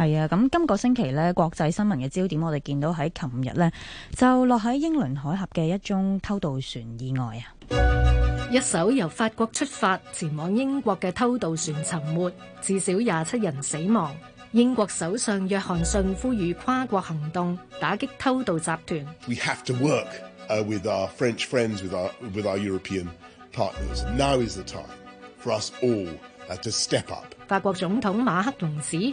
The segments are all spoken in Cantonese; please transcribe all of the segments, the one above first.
係啊，咁今個星期呢，國際新聞嘅焦點，我哋見到喺琴日呢，就落喺英倫海峽嘅一宗偷渡船意外啊！一艘由法國出發前往英國嘅偷渡船沉沒，至少廿七人死亡。英國首相約翰遜呼籲跨國行動打擊偷渡集團。We have to work with our French friends with our with our European partners. Now is the time for us all to step up。法國總統馬克龍指。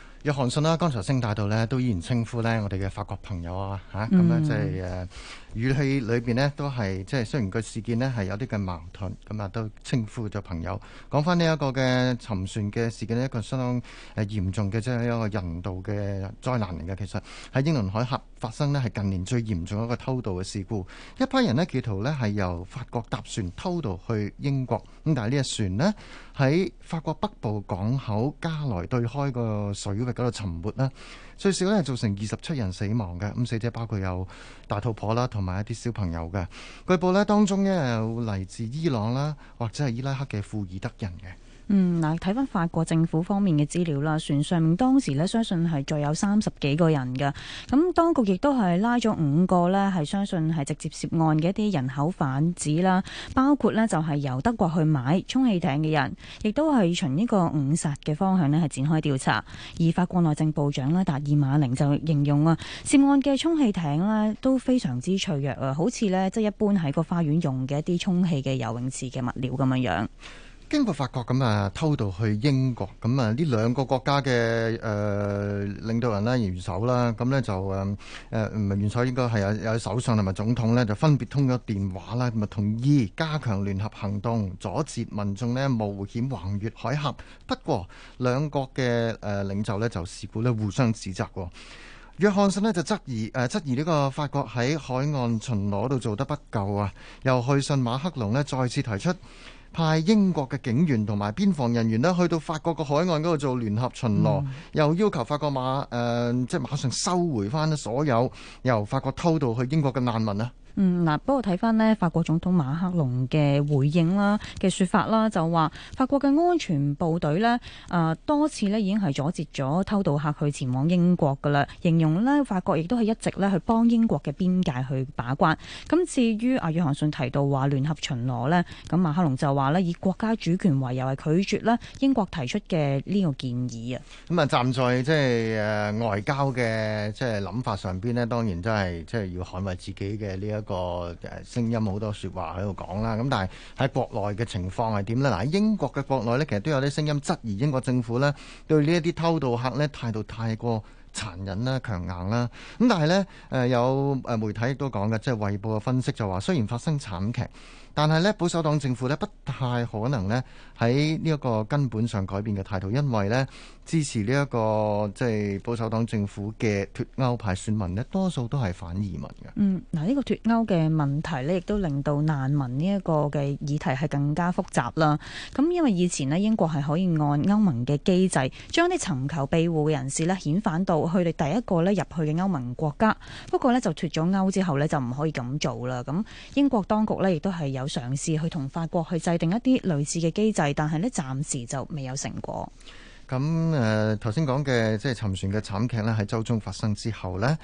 約翰遜啦、啊，剛才升帶到呢都依然稱呼呢我哋嘅法國朋友啊嚇，咁咧即係誒語氣裏邊咧都係即係雖然個事件呢係有啲嘅矛盾，咁啊都稱呼咗朋友。講翻呢一個嘅沉船嘅事件呢，一個相當誒嚴重嘅即係一個人道嘅災難嚟嘅。其實喺英倫海峽發生呢係近年最嚴重的一個偷渡嘅事故，一批人呢，企圖呢係由法國搭船偷渡去英國。咁但係呢隻船呢，喺法國北部港口加萊對開個水域嗰度沉沒啦，最少呢造成二十七人死亡嘅，咁死者包括有大肚婆啦，同埋一啲小朋友嘅，據報呢，當中呢，有嚟自伊朗啦或者係伊拉克嘅庫爾德人嘅。嗯，嗱，睇翻法國政府方面嘅資料啦，船上面當時咧，相信係載有三十幾個人嘅。咁當局亦都係拉咗五個咧，係相信係直接涉案嘅一啲人口販子啦，包括咧就係由德國去買充氣艇嘅人，亦都係循呢個誤殺嘅方向咧係展開調查。而法國內政部長咧達爾馬寧就形容啊，涉案嘅充氣艇咧都非常之脆弱啊，好似咧即係一般喺個花園用嘅一啲充氣嘅游泳池嘅物料咁樣樣。經過法國咁啊偷渡去英國，咁啊呢兩個國家嘅誒、呃、領導人呢，元首啦，咁呢，就誒誒，唔係元首，呃、元首應該係有有首相同埋總統呢，就分別通咗電話啦，咪同意加強聯合行動，阻截民眾呢冒險橫越海峽。不過兩國嘅誒、呃、領袖呢，就事故呢互相指責。約翰遜呢，就質疑誒質、呃、疑呢個法國喺海岸巡邏度做得不夠啊。又去信馬克龍呢，再次提出。派英國嘅警員同埋邊防人員呢去到法國個海岸嗰度做聯合巡邏，嗯，又要求法國馬誒，呃，即係馬上收回翻所有由法國偷渡去英國嘅難民啊！嗯嗱，不過睇翻呢，法國總統馬克龍嘅回應啦嘅說法啦，就話法國嘅安全部隊呢，誒、呃、多次呢已經係阻截咗偷渡客去前往英國噶啦，形容呢，法國亦都係一直呢去幫英國嘅邊界去把關。咁至於阿約翰遜提到話聯合巡邏呢，咁馬克龍就話呢，以國家主權為由係拒絕呢英國提出嘅呢個建議啊。咁啊、嗯，站在即係誒外交嘅即係諗法上邊呢，當然真係即係要捍衞自己嘅呢一個聲音好多說話喺度講啦，咁但係喺國內嘅情況係點呢？嗱，喺英國嘅國內呢，其實都有啲聲音質疑英國政府呢對呢一啲偷渡客呢態度太過殘忍啦、強硬啦。咁但係呢，誒有誒媒體都講嘅，即係《衛報》嘅分析就話，雖然發生慘劇。但係咧，保守黨政府咧，不太可能咧喺呢一個根本上改變嘅態度，因為咧支持呢、這、一個即係、就是、保守黨政府嘅脱歐派選民咧，多數都係反移民嘅。嗯，嗱，呢個脱歐嘅問題咧，亦都令到難民呢一個嘅議題係更加複雜啦。咁因為以前咧，英國係可以按歐盟嘅機制，將啲尋求庇護嘅人士咧，遣返到佢哋第一個咧入去嘅歐盟國家。不過咧，就脱咗歐之後咧，就唔可以咁做啦。咁英國當局咧，亦都係有。有嘗試去同法國去制定一啲類似嘅機制，但係呢暫時就未有成果。咁誒，頭先講嘅即係沉船嘅慘劇呢，喺周中發生之後呢，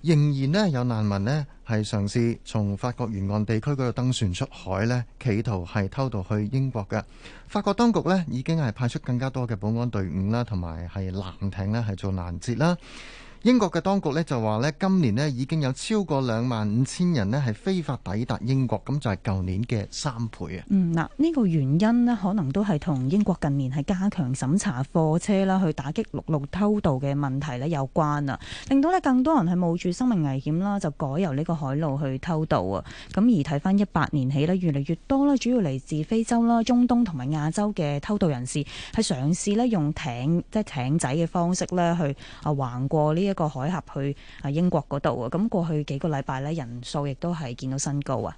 仍然呢有難民呢係嘗試從法國沿岸地區嗰度登船出海呢企圖係偷渡去英國嘅。法國當局呢已經係派出更加多嘅保安隊伍啦，同埋係艦艇呢，係做攔截啦。英國嘅當局就話今年已經有超過兩萬五千人咧係非法抵達英國，咁就係舊年嘅三倍啊。嗯，嗱，呢個原因可能都係同英國近年係加強審查貨車啦，去打擊陸路偷渡嘅問題有關啊，令到更多人係冒住生命危險啦，就改由呢個海路去偷渡啊。咁而睇翻一八年起越嚟越多主要嚟自非洲啦、中東同埋亞洲嘅偷渡人士，係嘗試用艇，即係艇仔嘅方式去啊橫過呢。一個海峽去啊英國嗰度啊，咁過去幾個禮拜咧，人數亦都係見到新高啊。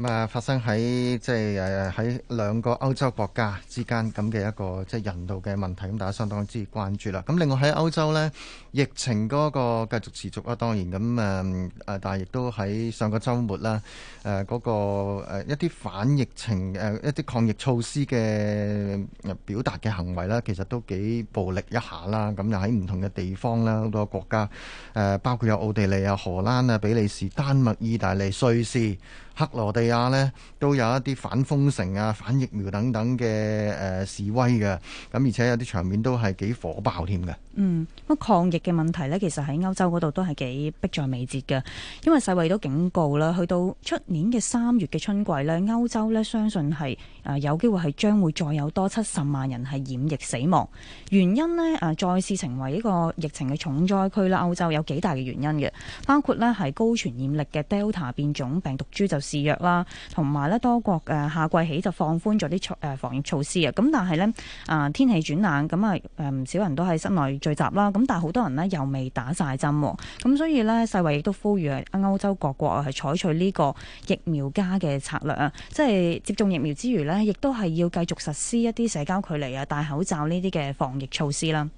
咁啊，發生喺即係誒喺兩個歐洲國家之間咁嘅一個即係、就是、人道嘅問題，咁大家相當之關注啦。咁另外喺歐洲呢，疫情嗰個繼續持續啦，當然咁誒誒，但係亦都喺上個週末啦，誒、那、嗰個一啲反疫情誒一啲抗疫措施嘅表達嘅行為啦，其實都幾暴力一下啦。咁又喺唔同嘅地方啦，好多國家誒，包括有奧地利啊、荷蘭啊、比利時、丹麥、意大利、瑞士。克羅地亞咧都有一啲反封城啊、反疫苗等等嘅誒、呃、示威嘅，咁而且有啲場面都係幾火爆添嘅。嗯，乜抗疫嘅問題咧，其實喺歐洲嗰度都係幾迫在眉睫嘅，因為世衛都警告啦，去到出年嘅三月嘅春季咧，歐洲咧相信係誒有機會係將會再有多七十萬人係染疫死亡。原因呢，誒再次成為一個疫情嘅重災區啦，歐洲有幾大嘅原因嘅，包括呢係高傳染力嘅 Delta 變種病毒株就制約啦，同埋咧多國誒夏季起就放寬咗啲誒防疫措施啊，咁但係咧啊天氣轉冷，咁啊誒唔少人都喺室內聚集啦，咁但係好多人呢又未打晒針，咁所以咧世衛亦都呼籲歐洲各國係採取呢個疫苗加嘅策略啊，即係接種疫苗之餘呢，亦都係要繼續實施一啲社交距離啊、戴口罩呢啲嘅防疫措施啦。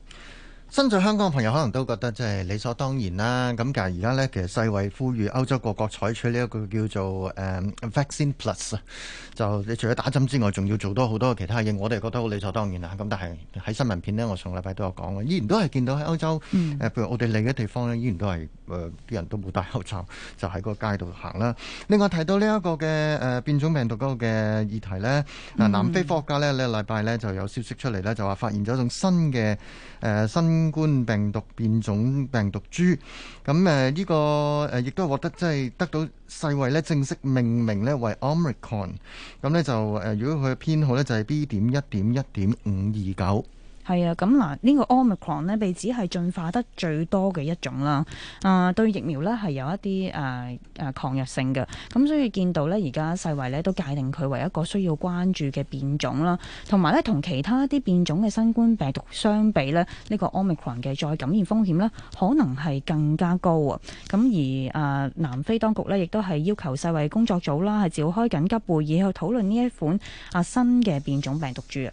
身在香港嘅朋友可能都覺得即係理所當然啦。咁但係而家呢，其實世衞呼籲歐洲各國採取呢一個叫做誒 vaccine plus，就你除咗打針之外，仲要做多好多其他嘢。我哋覺得好理所當然啦。咁但係喺新聞片呢，我上禮拜都有講，依然都係見到喺歐洲、嗯、譬如奧地利嘅地方呢，依然都係誒啲人都冇戴口罩，就喺個街度行啦。另外提到呢一個嘅誒、呃、變種病毒嗰個嘅議題呢，南非科學家呢，呢、這個禮拜呢就有消息出嚟呢，就話發現咗一種新嘅誒、呃、新。新冠病毒變種病毒株，咁誒呢個誒亦都係獲得即係得到世衛咧正式命名咧為 Omicron，咁咧就誒如果佢嘅編號咧就係 B. 點一點一點五二九。係啊，咁嗱，呢個 Omicron 呢被指係進化得最多嘅一種啦，啊、呃、對疫苗呢係有一啲誒、啊啊、抗藥性嘅，咁、嗯、所以見到呢，而家世衛呢都界定佢為一個需要關注嘅變種啦，同埋呢，同其他一啲變種嘅新冠病毒相比呢，呢、呢個 Omicron 嘅再感染風險呢可能係更加高、嗯、而啊，咁而啊南非當局呢，亦都係要求世衛工作組啦係召開緊急會議去討論呢一款啊新嘅變種病毒株啊。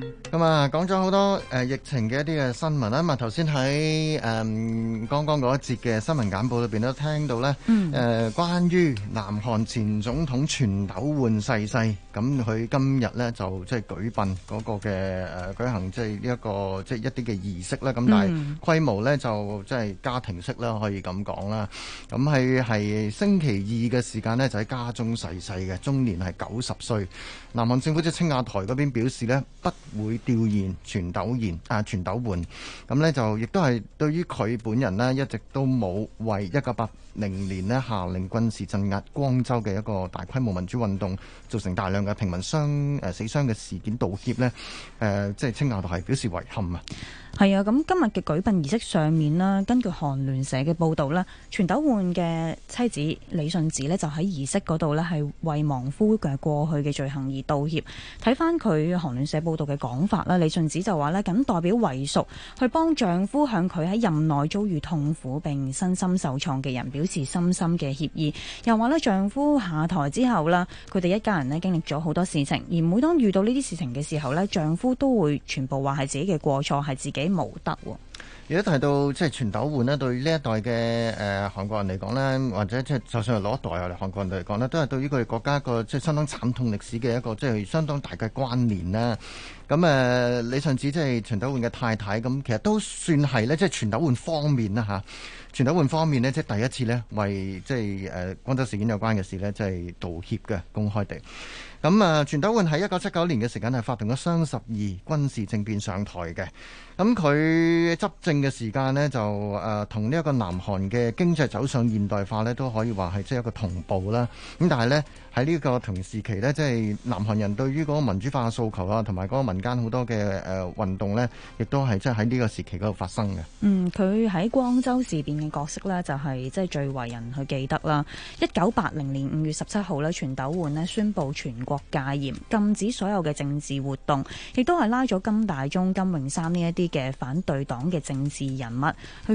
咁啊，講咗好多誒疫情嘅一啲嘅新聞啦。咁啊，頭先喺誒剛剛嗰一節嘅新聞簡報裏邊都聽到咧，誒關於南韓前總統全斗煥逝世。咁佢今日咧就即係舉辦嗰個嘅誒舉行，即係呢一個即係一啲嘅儀式啦。咁但係規模咧就即係家庭式啦，可以咁講啦。咁係係星期二嘅時間咧，就喺家中逝世嘅，終年係九十歲。南韓政府即係青瓦台嗰邊表示咧，不會，弔唁、全斗煥啊，全斗煥咁咧就亦都係對於佢本人呢，一直都冇為一九八零年呢下令軍事鎮壓光州嘅一個大規模民主運動造成大量嘅平民傷誒、呃、死傷嘅事件道歉呢誒、呃，即係青瓦台係表示遺憾啊。係、嗯、啊，咁今日嘅舉殯儀式上面咧，根據韓聯社嘅報導咧，全斗煥嘅妻子李順子呢，就喺儀式嗰度呢，係為亡夫嘅過去嘅罪行而道歉。睇翻佢韓聯社報導嘅講。啦，李順子就話咧，謹代表遺屬去幫丈夫向佢喺任內遭遇痛苦並身心受創嘅人表示深深嘅歉意，又話咧丈夫下台之後啦，佢哋一家人咧經歷咗好多事情，而每當遇到呢啲事情嘅時候咧，丈夫都會全部話係自己嘅過錯，係自己無德。如果提到即係全斗煥咧，對呢一代嘅誒、呃、韓國人嚟講咧，或者即係就算係老一代啊，嚟韓國人嚟講咧，都係對於佢哋國家一個即係相當慘痛歷史嘅一個即係、就是、相當大嘅關聯啦。咁誒，李順子即係全斗煥嘅太太，咁其實都算係咧，即、就、係、是、全斗煥方面啦嚇、啊。全斗煥方面咧，即、就、係、是、第一次咧，為即係誒光州事件有關嘅事咧，即、就、係、是、道歉嘅公開地。咁啊、呃，全斗煥喺一九七九年嘅時間係發動咗雙十二軍事政變上台嘅。咁佢執政嘅時間呢，就誒同呢一個南韓嘅經濟走上現代化呢，都可以話，係即係一個同步啦。咁但係呢，喺呢個同時期呢，即係南韓人對於嗰個民主化嘅訴求啊，同埋嗰個民間好多嘅誒運動呢，亦都係即係喺呢個時期嗰度發生嘅。嗯，佢喺光州事變嘅角色呢，就係即係最為人去記得啦。一九八零年五月十七號呢，全斗煥呢宣布全國戒嚴，禁止所有嘅政治活動，亦都係拉咗金大中、金泳三呢一啲。嘅反對黨嘅政治人物，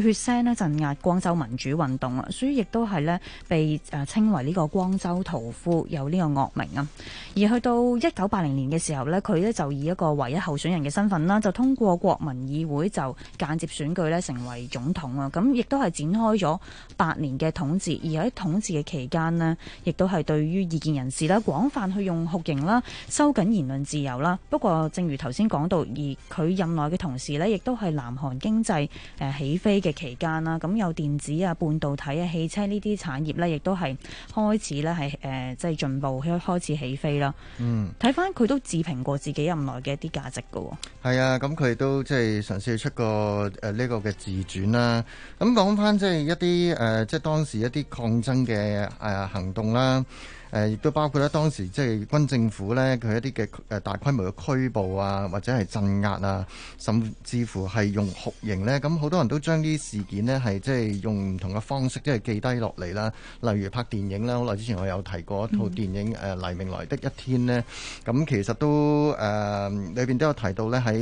去血腥咧鎮壓光州民主運動啊，所以亦都係咧被誒稱為呢個光州屠夫，有呢個惡名啊。而去到一九八零年嘅時候咧，佢咧就以一個唯一候選人嘅身份啦，就通過國民議會就間接選舉咧成為總統啊。咁亦都係展開咗八年嘅統治，而喺統治嘅期間咧，亦都係對於異見人士咧廣泛去用酷刑啦，收緊言論自由啦。不過正如頭先講到，而佢任內嘅同時咧。亦都係南韓經濟誒、呃、起飛嘅期間啦，咁有電子啊、半導體啊、汽車呢啲產業咧，亦都係開始咧係誒即係進步，開始起飛啦。嗯，睇翻佢都自評過自己咁耐嘅一啲價值噶、哦。係啊，咁佢都即係嘗試出過誒呢、呃這個嘅自傳啦、啊。咁講翻即係一啲誒即係當時一啲抗爭嘅誒、呃、行動啦、啊。誒亦都包括咧，當時即係軍政府呢佢一啲嘅大規模嘅拘捕啊，或者係鎮壓啊，甚至乎係用酷刑咧。咁好多人都將啲事件呢係即係用唔同嘅方式即係記低落嚟啦。例如拍電影啦，好耐之前我有提過一套電影《誒黎明來的一天》呢。咁、嗯、其實都誒裏、呃、面都有提到呢喺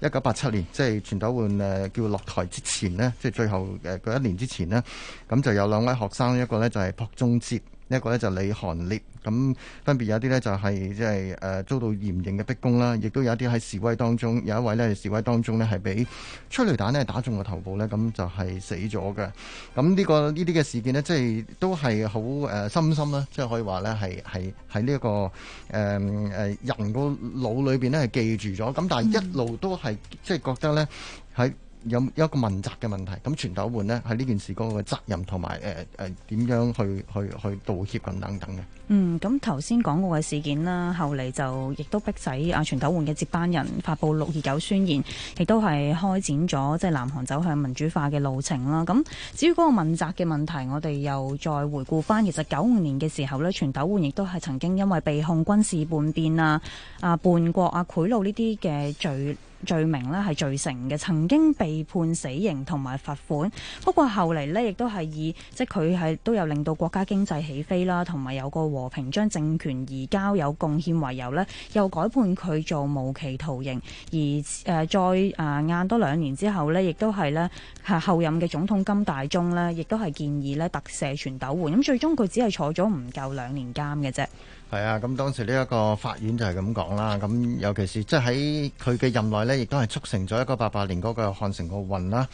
一九八七年即係全斗煥叫落台之前呢，即係最後誒嗰一年之前呢，咁就有兩位學生，一個呢就係朴中哲。一個咧就李韓烈，咁分別有啲呢就係即係誒遭到嚴刑嘅逼供啦，亦都有一啲喺示威當中，有一位呢示威當中呢，係俾催淚彈呢打中個頭部呢，咁就係死咗嘅。咁呢個呢啲嘅事件呢，即係都係好誒深深啦，即係可以話呢係係喺呢一個誒、呃、人個腦裏面呢，係記住咗。咁但係一路都係即係覺得呢。喺。有一個問責嘅問題，咁全斗煥呢喺呢件事嗰個責任同埋誒誒點樣去去去道歉咁等等嘅。嗯，咁頭先講過嘅事件啦，後嚟就亦都逼使啊全斗煥嘅接班人發布六二九宣言，亦都係開展咗即係南韓走向民主化嘅路程啦。咁至於嗰個問責嘅問題，我哋又再回顧翻，其實九五年嘅時候呢，全斗煥亦都係曾經因為被控軍事叛變啊、啊叛國啊、賄賂呢啲嘅罪。罪名咧係罪成嘅，曾經被判死刑同埋罰款，不過後嚟呢，亦都係以即係佢係都有令到國家經濟起飛啦，同埋有個和平將政權移交有貢獻為由呢，又改判佢做無期徒刑，而誒、呃、再啊晏、呃、多兩年之後呢，亦都係呢係後任嘅總統金大中呢，亦都係建議呢特赦全斗煥，咁最終佢只係坐咗唔夠兩年監嘅啫。係啊，咁當時呢一個法院就係咁講啦，咁尤其是即係喺佢嘅任內呢，亦都係促成咗一九八八年嗰個漢城奧運啦。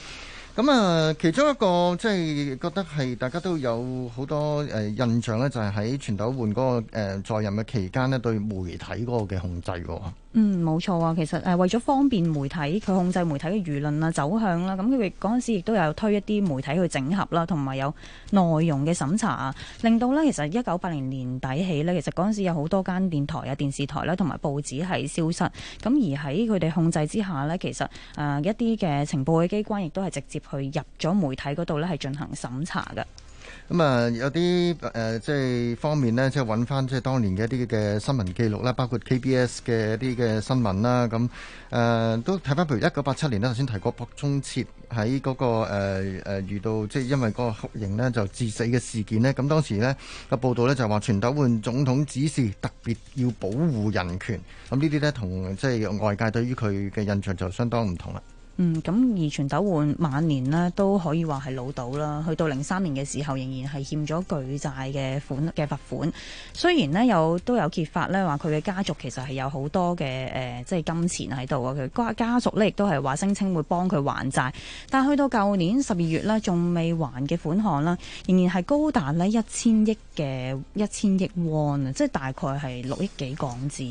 咁啊，其中一個即係覺得係大家都有好多誒、呃、印象咧，那個，就係喺全斗煥嗰個誒在任嘅期間咧，對媒體嗰個嘅控制喎、哦。嗯，冇錯啊，其實誒、呃、為咗方便媒體佢控制媒體嘅輿論啊走向啦，咁佢嗰陣時亦都有推一啲媒體去整合啦，同埋有，有內容嘅審查啊，令到咧其實一九八零年底起咧，其實嗰陣時有好多間電台啊、電視台啦，同埋報紙係消失。咁而喺佢哋控制之下咧，其實誒、呃、一啲嘅情報嘅機關亦都係直接。去入咗媒體嗰度呢係進行審查嘅。咁啊、嗯，有啲、呃、即係方面呢，即係揾翻即係當年嘅一啲嘅新聞記錄啦，包括 KBS 嘅一啲嘅新聞啦。咁、嗯呃、都睇翻，譬如一九八七年呢，頭先提過朴鍾哲喺嗰個、呃、遇到即係因為個酷刑呢，就致死嘅事件呢。咁當時呢嘅報道呢，就話，全斗煥總統指示特別要保護人權。咁呢啲呢，同即係外界對於佢嘅印象就相當唔同啦。嗯，咁而全斗煥晚年呢都可以話係潦倒啦，去到零三年嘅時候仍然係欠咗巨債嘅款嘅罰款。雖然呢有都有揭發呢話佢嘅家族其實係有好多嘅誒、呃，即係金錢喺度啊。佢家族呢亦都係話聲稱會幫佢還債，但係去到舊年十二月呢，仲未還嘅款項啦，仍然係高達呢一千億嘅一千億 won，即係大概係六億幾港紙。